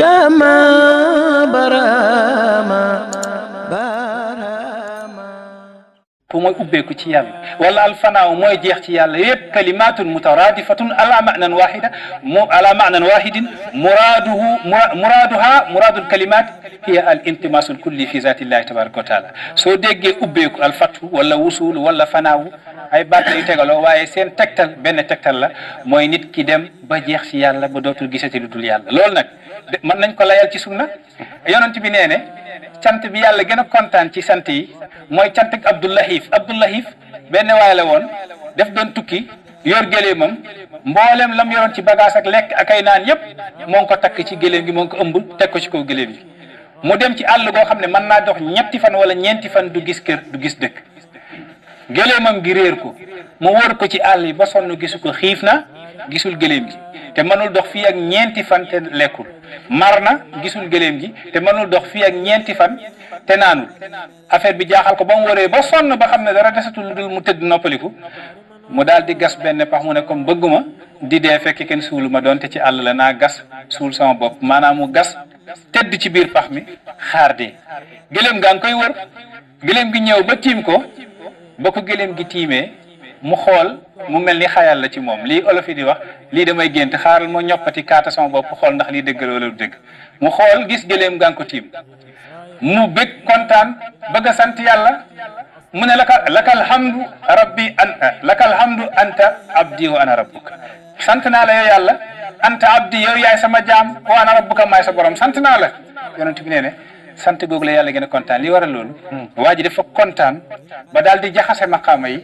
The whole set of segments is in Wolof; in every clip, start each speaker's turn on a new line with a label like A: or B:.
A: كما
B: براما براما
A: كما أبيكو تيام ولا الفناء موي ديخ تيال يب كلمات مترادفة على معنى واحدة على معنى واحد مراده مرادها مراد الكلمات هي الانتماس الكل في ذات الله تبارك وتعالى سو ديغي اوبيكو الفتح ولا وصول ولا فناء اي بات لي تيغالو واي سين تكتال بن تكتال لا موي نيت كي دم با جيخ سي يالا با دوتو غيساتي لودول يالا لول نك mën nañ ko layal ci na yonent bi nee ne cant bi yàlla gën a kontaan ci sant yi mooy cant ak Abdoulahif Abdoulahif benn waay la woon def doon tukki yor gëléemam mbooleem lam yoroon ci bagaas ak lekk ak kay naan yëpp moo ngi ko takk ci gëléem gi moo ngi ko ëmb teg ko ci ko gëléem gi mu dem ci àll goo xam ne mën naa dox ñetti fan wala ñeenti fan du gis kër du gis dëkk gëléemam gi ko mu wër ko ci àll yi ba sonn gisu ko xiif na gisul gëléem gi te mënul dox fii ak ñeenti fan te lekkul mar na gisul gëléem gi te mënul dox fii ak ñeenti fan te naanul affaire bi jaaxal ko ba mu waree ba sonn ba xam ne dara desatul mu tëdd noppaliku mu dal di gas benn pax mu ne comme bëgguma di dee fekk kenn suulu ma doonte ci àll la naa gas suul sama bopp maanaam mu gas tëdd ci biir pax mi xaar dee gëléem gaa koy wër gëléem gi ñëw ba tiim ko ba ko gëléem gi tiimee mu xool mu mel ni xayal la ci moom lii olof di wax lii damay gént xaaral ma ñoppati kaata sama bopp xool ndax lii dëgg wala du mu xool gis gëléem gaa ko tiim mu bëgg kontaan bëgg a sant yàlla mu ne laka laka alhamdu rabbi an laka alhamdu anta abdi wa ana rabbuka sant naa la yàlla anta abdi yow yaay sama jaam wa ana rabbuka maay sa borom sant naa la yonent bi nee sante googu la yàlla gën a li waral lool waji dafa contane ba daldi di jaxase maqaama yi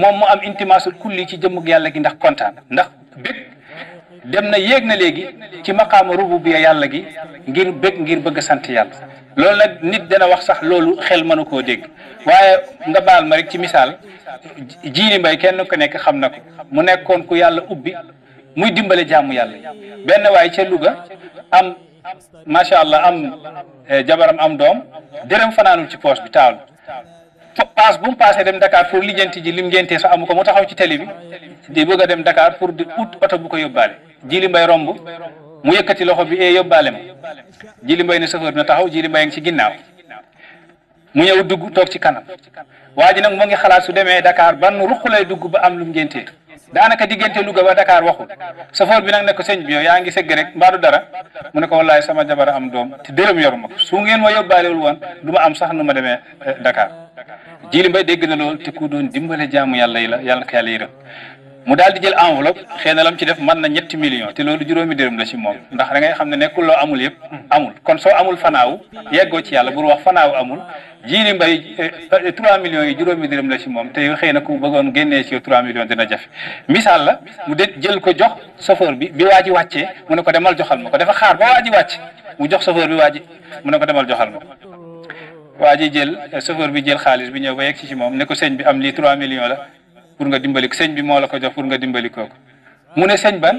A: mom mu am intimaasul kulli ci gu yalla gi ndax contane ndax bég dem na yéeg na léegi ci maqama rububiyya yalla gi ngir bég ngir bëgg sante yalla lool nak nit dana wax sax loolu xel manu ko deg waye nga bal ma rek ci misal jiini mbay kenn ko nek xam nako mu nekkon ku yalla ubbi muy dimbale jamu yalla ben way ci luga am macha allah am eh, jabaram am doom dërëm fanaanul ci poche bi taalu paas bu mu paasee dem Dakar pour lijjanti ji lim ngéntee sax amu ko mu taxaw ci télé bi di bëgg a dem Dakar pour di ut oto bu ko yóbbaale jili mbay romb mu yëkkati loxo bi e yóbbaale ma jili mbay ne chauffeur na taxaw jili mbay ngi ci ginnaaw mu ñëw dugg toog ci kanam waa ji nag mu ngi xalaat su demee dakaar ban ruq lay dugg ba am lum ngéntee daanaka diggante Louga ba Dakar waxul safoor bi nag ne ko sëñ bi yow yaa ngi sëgg rek mbaadu dara mu ne ko wallaay sama jabar am doom te dërëm yoru ma su ngeen ma yóbbaalewul woon du ma am sax nu ma demee eh, Dakar jili mbay dégg na loolu te ku doon dimbale jaamu yàlla yi la yàlla na ko yàlla yërëm mu daal di jël enveloppe xëy lam ci def man na ñetti million te lolu juróomi dërëm la ci mom ndax da ngay xamné nekul lo amul yëpp amul kon so amul fanaaw yeggo ci yàlla bur wax fanaaw amul jiili mbay 3 millions yi juróomi dërëm la ci mom te xëy ku bëggoon génné ci 3 millions dina jafe misal la mu de jël ko jox chauffeur bi bi waji waccé mu ne ko demal joxal mako dafa xaar ba waji ji wàcc mu jox chauffeur bi waji mu ne ko demal joxal mako waji jël chauffeur bi jël xaaliss bi ñëw ba yegg ci ci mom ne ko sëñ bi am li 3 millions la pour nga dimbali sëñ bi moo la ko jox pour nga dimbali kooku mu ne sëñ ban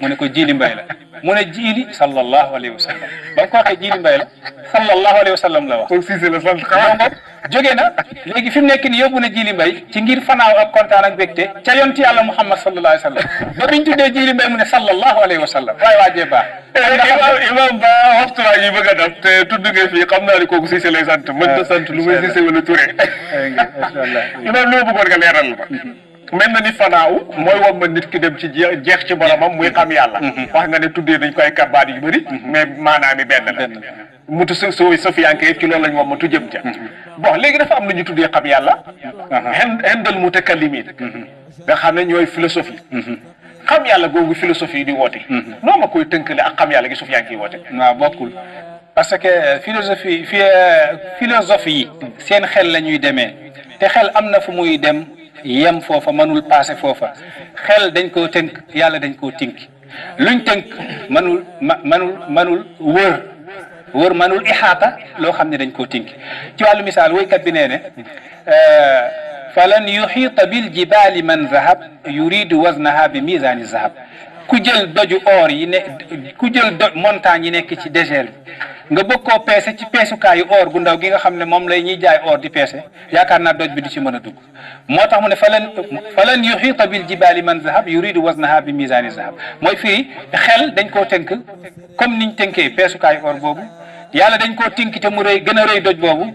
A: mu ne ko jiili mbay la mu ne jiili sallallahu alayhi wa sallam ba ko waxee jiili mbay la sallallahu alayhi wa sallam la wax. jóge na léegi fi mu nekk ni yóbbu na Jili Mbay ci ngir fanaaw ak kontaan ak bégte ca yonti yàlla Muhammad sallallahu alayhi wa sallam ba biñ tuddee Jili Mbay mu ne sallallahu alayhi wa sallam waaye waajee baax eh, imam ba waxturaa yi bëgg a dab te tudd nga fii xam naa ne kooku Cissé lay sant mën na sant lu may
B: Cissé wala Touré
A: eh, imam loo bëggoon nga leeral
B: ma mel na ni fanaaw mooy wam ma nit ki dem ci jeex ci boromam muy xam yàlla mm-hmm. wax nga ne tuddee nañ ko ay kabaat yu bëri mm-hmm. mais maanaam la mutu su sooy sofiyanke yëpp ci loolu lañ moom matu jëm ca mm-hmm. bon léegi dafa am lu ñu tuddee xam yàlla
A: mm-hmm.
B: hen hendal mutakallimin mm-hmm. nga xam ne ñooy philosophie xam yàlla googu philosophie yi di woote noo ma koy tënkale ak xam yàlla gi sofiyanke
A: yi woote waaw bokkul parce que philosophie fi philosophie yi seen xel la ñuy demee te xel am na fu muy dem yem foofa mënul passé foofa xel dañ koo tënk yàlla dañ koo tënk luñ tënk mënul ma mënul mënul wër war manul ixaata loo xam ne dañ koo tinki ci wàllu misaal woykat bi nee ne euh, falan yuxiita bil jibaali man zahab yuridu waznaha bi misaani zahab ku jël doju or yi ne ku jël doj montagne yi nekk ci désert nga bëgg ko peese ci peesukaayu or gu ndaw gi nga xam ne moom lay ñuy jaay or di peese yaakaar naa doj bi du ci mën a dugg moo tax mu ne falan falan yuxiita bil jibaali man zahab yuridu waznaha bi misaani zahab mooy fii xel dañ koo tënk comme niñ tënkee peesukaayu or boobu yàlla dañ koo tinki te mu rëy gën a rëy doj boobu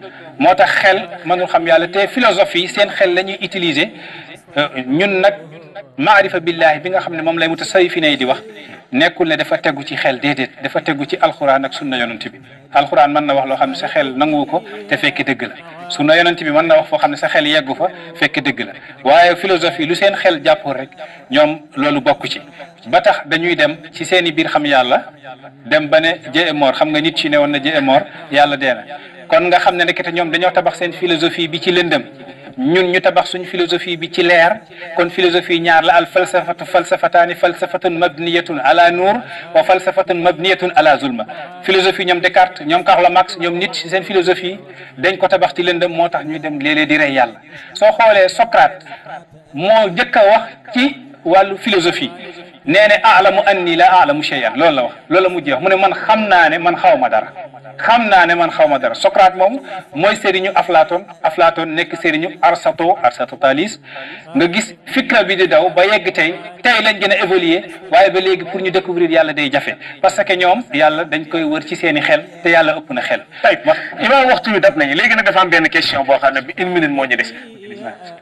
A: moo tax xel manu xam yàlla te philosophie yi seen xel la ñuy utiliser ñun nag maarifa billahi bi nga xam ne moom lay mutasawifine yi di wax nekul ne dafa teggu ci xel dedet dafa teggu ci alquran ak sunna yonenti bi alquran man na wax lo xamni sa xel nanguwu ko te fekk deug la sunna yonenti bi man na wax fo xamni sa xel yeggu fa fekk deug la waye philosophie lu seen xel jàppoon rek ñom lolu bokku ci ba tax dañuy dem ci seen bir xam yàlla dem bané je jee moor xam nga nit ci newon woon na jee mort yàlla dee kon nga xamne ne nekkete ñoom dañoo tabax seen philosophie bi ci lëndëm ñun ñu tabax suñu philosophie bi ci leer kon philosophie ñaar la al falsafatu falsafataani falsafatun mabniyatun ala nur wa falsafatun mabniyatun ala zulma philosophie ñom Descartes ñom Karl Marx ñom nit ci sen philosophie dañ ko tabax ci lëndëm moo tax ñuy dem lélé di ray yàlla so xolé Socrate mo jëk wax ci walu philosophie نانا اعلم اني لا اعلم شيئا cheyan loolu la wax loolu la mujjee من mu ne man xam naa ne man xaw ma dara xam naa ne man xaw ma dara Socrate moom mooy sëriñu nga gis fikra bi di daw ba yegg tay tay lañu gëna évoluer waye ba légui pour ñu découvrir yàlla day jafe parce que ñom yàlla dañ koy wër ci seeni xel te yàlla ëpp na xel. tay tey imaam waxtu yu dab nañ légui nga dafa am ben
B: question bo xamné bi 1 minute mo ñu dess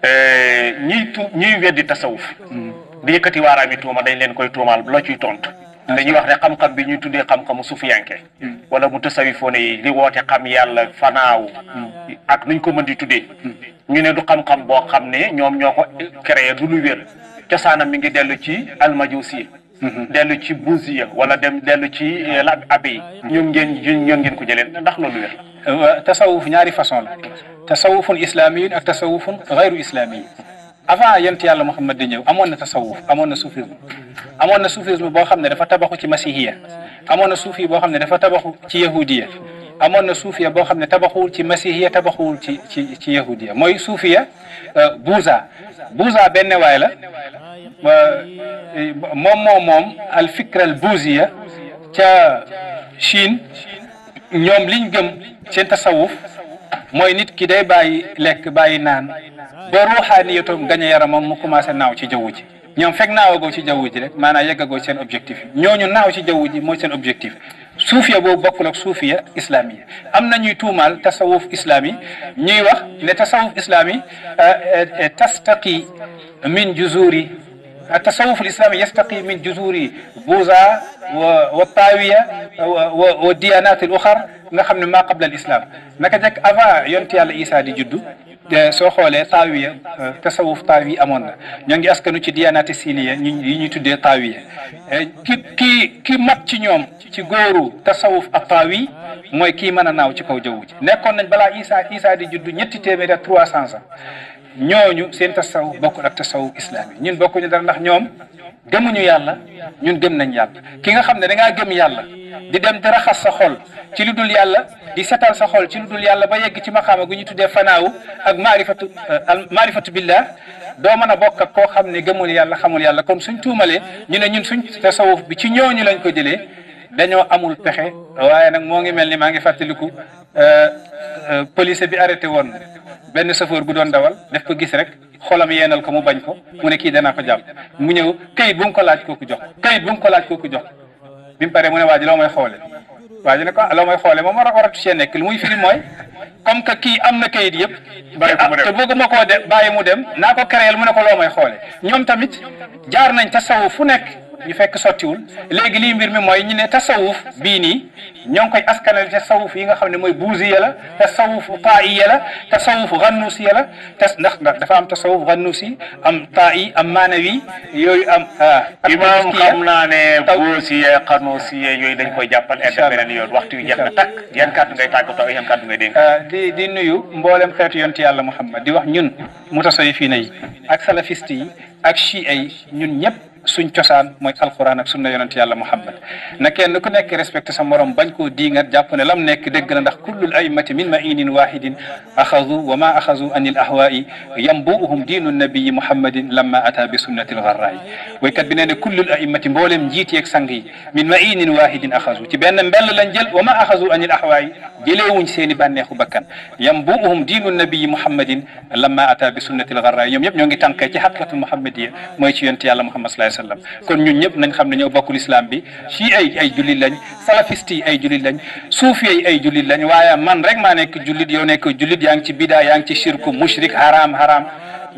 B: Eh, ñiy tu ñiy weddi tasawuf mm. di yëkkati waaraami tuuma dañ leen koy tuumaal loo ciy tontu. dañuy wax ne xam-xam bi ñuy tuddee xam-xamu sufiyanke mm. wala mu tasawifoo ne yi li woote xam yàlla fanaaw mm. ak nuñ ko mën di tuddee ñu ne du xam-xam boo xam ne ñoom ñoo ko créé du lu cosaanam mi ngi dellu ci almajusi mm-hmm. dellu ci buziya wala dem dellu ci lab
A: abe yi ñoom ngeen ñoom ngeen ko jëlee ndax loolu wér تصوف نياري فصول تصوف إسلامي أك تصوف غير إسلامي أفا ينتي الله محمد دينيو أمون تصوف أمون صوفيزم أمون صوفيزم بوخم نرفا تبخو كي مسيحية أمون صوفي بوخم نرفا تبخو كي يهودية أمون صوفيا بوخم نتبخو كي مسيحية تبخو كي يهودية موي صوفيا بوزا بوزا بن نوائلة موم موم موم الفكرة البوزية تا شين ñoom liñ gëm seen tasawuf mooy nit ki day bàyyi lekk bàyyi naan ba ruuxaaniyatam gañ a yaramam ma commencé naaw ci jaww ji ñoom fekk naawagoo ci jaww ji rek maanaam yeggagoo seen objectif yi ñooñu naaw ci jaww ji mooy seen objectif suufiya boobu bokkul ak suufiya islaami am na ñuy tuumaal tasawuf islaami ñuy wax ne tasawuf islaami euh, euh, euh, tastaqi min juzuri التصوف الإسلامي يستقي من جذور بوذا والطاوية والديانات الأخرى nga xam ne maa qabla al islam naka njëkk avant yonent yàlla Isaa di juddu soo xoolee taawiya tasawuf taawi amoon na ñoo ngi askanu ci diyaanaati siiliya yi ñuy tuddee taawiya eh, ki ki ki mat ci ñoom ci góoru tasawuf ak taawi mooy kii mën a naaw ci kaw jaww ji nekkoon nañ balaa Isaa Isaa di juddu ñetti téeméeri ak trois cents ans ñooñu seen tasawuf bokkul ak tasawuf islam yi ñun bokkuñu dara ndax ñoom gëmuñu yàlla ñun gëm nañ yàlla ki nga xam ne da ngaa gëm yàlla di dem di raxas sa xol ci lu dul yàlla di setal sa xol ci lu dul yàlla ba yegg ci ma maxaama gu ñu tuddee fanaawu ak maarifatu eh, al maarifatu billah doo mën a bokk ak koo xam ne gëmul yàlla xamul yàlla kon suñ tuumalee ñu ne ñun suñ tasawuf bi ci ñooñu lañ ko jëlee dañoo amul pexe waaye nag moo ngi mel ni maa ngi fàttaliku Euh, euh, police bi arrete woon benn chauffeur bu doon dawal daf ko gis rek xolam yeenal ko mu bañ ko mu ne kii danaa ko jàpp mu ñëw kayit bu mu ko laaj kooku jox kayit bu mu ko laaj kooku jox bi pare paree mu ne waa ji loo may xoole waa ji ne ko ah loo may xoole moom war a waratu see nekk lu muy firi mooy comme que kii am na kayit yëpp te bëgguma koo de bàyyi mu dem naa ko créel mu ne ko loo may xoole ñoom tamit jaar nañ tasawuf fu nekk ñu fekk sottiwul léegi lii mbir mi mooy ñu ne tasawuf bii nii ñoo ngi koy askanal tasawuf yi nga xam ne mooy buuziya la tasawuf taa'iya la tasawuf gannusiya la tas ndax ndax dafa am tasawuf gannusi am taa'i am maanawi yooyu am. Ah, imaam xam naa ne buuziya gannusiya yooyu dañ koy jàppal
B: edd beneen yoon waxtu yu jeex na takk yan kàddu ngay tàggatoo yan kàddu ngay dénk.
A: Ah, di nuyu mboolem xeetu yonti yàlla Muhammad di wax ñun mutasawifina yi ak salafiste yi ak chiite yi ñun ñëpp. suñ ciosan moy alquran ak sunna yonent yàlla muhammad na kenn ku nek respecté sa morom bañ di nga jàpp ne lam nek deug na ndax kullul aymati min ma'in wahidin akhadhu wa ma akhadhu an il ahwaai yambuuhum diinu nabiyi muhammadin lamma ata bi sunnati al gharra'i way kat binen kullul aymati mboolem jiti ak sangi min ma'in wahidin akhadhu ci ben mbell lañ jël wa ma akhadhu an al ahwa'i jele wuñ seeni banexu bakkan yambuuhum diinu nabiyi muhammadin lamma ata bi sunnati al gharra'i ñëpp yeb ñongi tanke ci xaqiqatul muhammadiyya moy ci yonent yàlla muhammad sallam kon ñun ñëpp nañ xam ne ñoo bokkul islam bi ci ay ay jullit lañ salafiste yi ay jullit lañ suufi yi ay jullit lañ waaye man rek maa nekk jullit yow nekk jullit yaa ngi ci bidaa yaa ngi ci shirku mushrik haram haram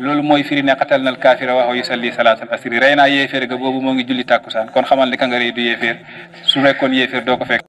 A: loolu mooy firi ne xatal nal kaafira waxo yu salli salaatal asri rey naa yéeféer ga boobu moo ngi julli tàkkusaan kon xamal ne ka nga rey du yéeféer su nekkoon yéeféer doo ko fekk